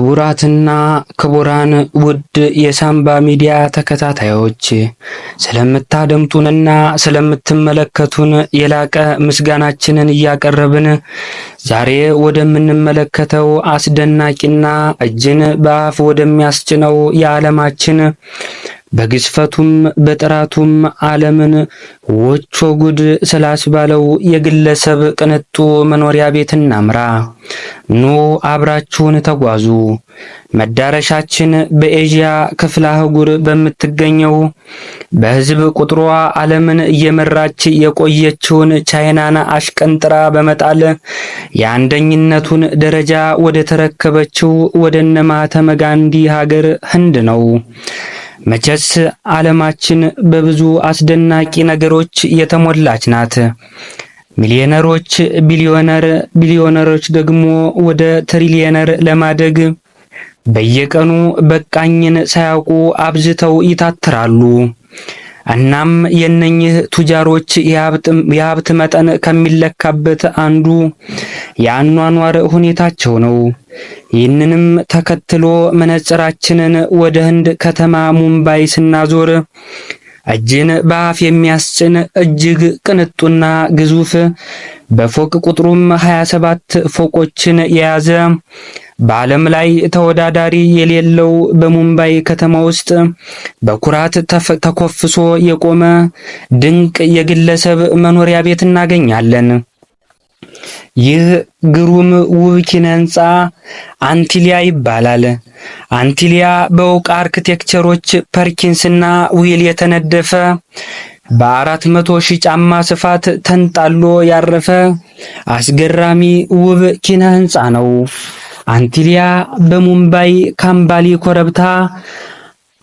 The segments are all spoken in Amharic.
ክቡራትና ክቡራን ውድ የሳምባ ሚዲያ ተከታታዮች ስለምታደምጡንና ስለምትመለከቱን የላቀ ምስጋናችንን እያቀረብን ዛሬ ወደምንመለከተው አስደናቂና እጅን በአፍ ወደሚያስጭነው የዓለማችን በግዝፈቱም በጥራቱም ዓለምን ወቾ ጉድ ስላስባለው የግለሰብ ቅንጡ መኖሪያ ቤት እናምራ። ኑ አብራችሁን ተጓዙ። መዳረሻችን በኤዥያ ክፍለ አህጉር በምትገኘው በሕዝብ ቁጥሯ ዓለምን እየመራች የቆየችውን ቻይናን አሽቀንጥራ በመጣል የአንደኝነቱን ደረጃ ወደ ተረከበችው ወደ እነማህተመ ጋንዲ ሀገር ህንድ ነው። መቼስ ዓለማችን በብዙ አስደናቂ ነገሮች የተሞላች ናት። ሚሊዮነሮች ቢሊዮነር፣ ቢሊዮነሮች ደግሞ ወደ ትሪሊየነር ለማደግ በየቀኑ በቃኝን ሳያውቁ አብዝተው ይታትራሉ። እናም የነኝህ ቱጃሮች የሀብት መጠን ከሚለካበት አንዱ የአኗኗር ሁኔታቸው ነው። ይህንንም ተከትሎ መነጽራችንን ወደ ህንድ ከተማ ሙምባይ ስናዞር እጅን በአፍ የሚያስጭን እጅግ ቅንጡና ግዙፍ በፎቅ ቁጥሩም 27 ፎቆችን የያዘ በዓለም ላይ ተወዳዳሪ የሌለው በሙምባይ ከተማ ውስጥ በኩራት ተኮፍሶ የቆመ ድንቅ የግለሰብ መኖሪያ ቤት እናገኛለን። ይህ ግሩም ውብ ኪነ ህንፃ አንቲሊያ ይባላል። አንቲሊያ በውቅ አርክቴክቸሮች ፐርኪንስና ዊል የተነደፈ በአራት መቶ ሺህ ጫማ ስፋት ተንጣሎ ያረፈ አስገራሚ ውብ ኪነ ህንፃ ነው። አንቲሊያ በሙምባይ ካምባሊ ኮረብታ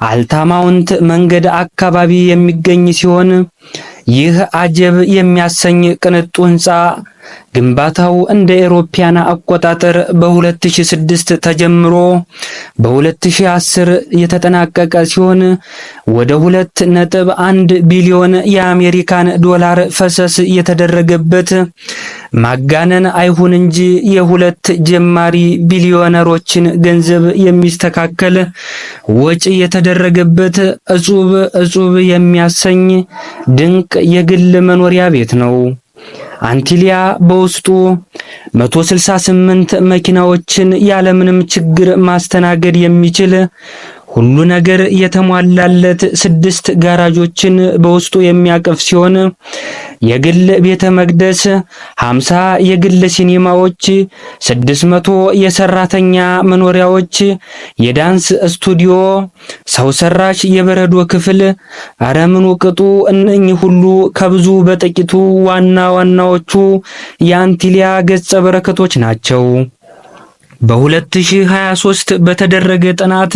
አልታማውንት መንገድ አካባቢ የሚገኝ ሲሆን ይህ አጀብ የሚያሰኝ ቅንጡ ህንፃ ግንባታው እንደ ኤሮፓያን አቆጣጠር በ2006 ተጀምሮ በ2010 የተጠናቀቀ ሲሆን ወደ 2.1 ቢሊዮን የአሜሪካን ዶላር ፈሰስ የተደረገበት ማጋነን አይሁን እንጂ የሁለት ጀማሪ ቢሊዮነሮችን ገንዘብ የሚስተካከል ወጪ የተደረገበት እጹብ እጹብ የሚያሰኝ ድንቅ የግል መኖሪያ ቤት ነው። አንቲሊያ በውስጡ 168 መኪናዎችን ያለምንም ችግር ማስተናገድ የሚችል ሁሉ ነገር የተሟላለት ስድስት ጋራጆችን በውስጡ የሚያቅፍ ሲሆን የግል ቤተ መቅደስ፣ 50 የግል ሲኒማዎች፣ 600 የሰራተኛ መኖሪያዎች፣ የዳንስ ስቱዲዮ፣ ሰው ሰራሽ የበረዶ ክፍል፣ አረምኑ ቅጡ። እነኚህ ሁሉ ከብዙ በጥቂቱ ዋና ዋናዎቹ የአንቲሊያ ገጸ በረከቶች ናቸው። በ2023 በተደረገ ጥናት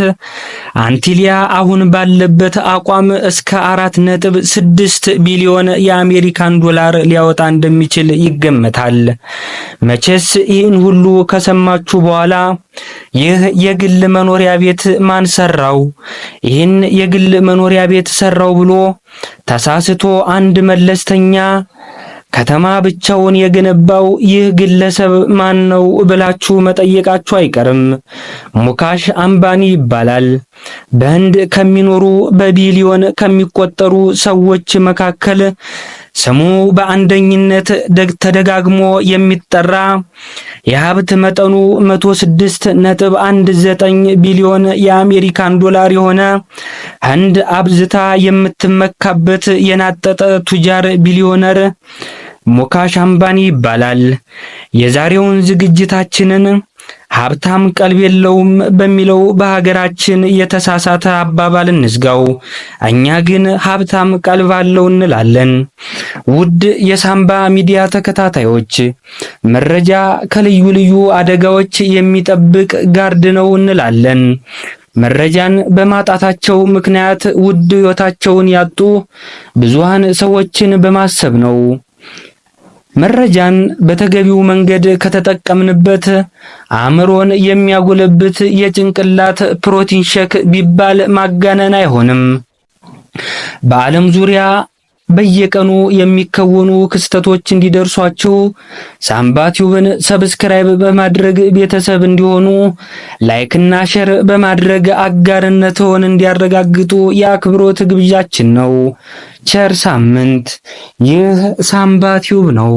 አንቲሊያ አሁን ባለበት አቋም እስከ 4.6 ቢሊዮን የአሜሪካን ዶላር ሊያወጣ እንደሚችል ይገመታል። መቼስ ይህን ሁሉ ከሰማችሁ በኋላ ይህ የግል መኖሪያ ቤት ማን ሰራው? ይህን የግል መኖሪያ ቤት ሰራው ብሎ ተሳስቶ አንድ መለስተኛ ከተማ ብቻውን የገነባው ይህ ግለሰብ ማን ነው ብላችሁ መጠየቃችሁ አይቀርም። ሙካሽ አምባኒ ይባላል። በህንድ ከሚኖሩ በቢሊዮን ከሚቆጠሩ ሰዎች መካከል ስሙ በአንደኝነት ተደጋግሞ የሚጠራ የሀብት መጠኑ 106.19 ቢሊዮን የአሜሪካን ዶላር የሆነ ህንድ አብዝታ የምትመካበት የናጠጠ ቱጃር ቢሊዮነር ሙኬሽ አምባኒ ይባላል። የዛሬውን ዝግጅታችንን ሀብታም ቀልብ የለውም በሚለው በሀገራችን የተሳሳተ አባባል እንዝጋው። እኛ ግን ሀብታም ቀልብ አለው እንላለን። ውድ የሳምባ ሚዲያ ተከታታዮች መረጃ ከልዩ ልዩ አደጋዎች የሚጠብቅ ጋርድ ነው እንላለን። መረጃን በማጣታቸው ምክንያት ውድ ሕይወታቸውን ያጡ ብዙሃን ሰዎችን በማሰብ ነው። መረጃን በተገቢው መንገድ ከተጠቀምንበት አእምሮን የሚያጎለብት የጭንቅላት ፕሮቲን ሼክ ቢባል ማጋነን አይሆንም። በዓለም ዙሪያ በየቀኑ የሚከወኑ ክስተቶች እንዲደርሷችሁ ሳምባ ቲዩብን ሰብስክራይብ በማድረግ ቤተሰብ እንዲሆኑ ላይክና ሼር በማድረግ አጋርነትዎን እንዲያረጋግጡ የአክብሮት ግብዣችን ነው። ቸር ሳምንት። ይህ ሳምባ ቲዩብ ነው።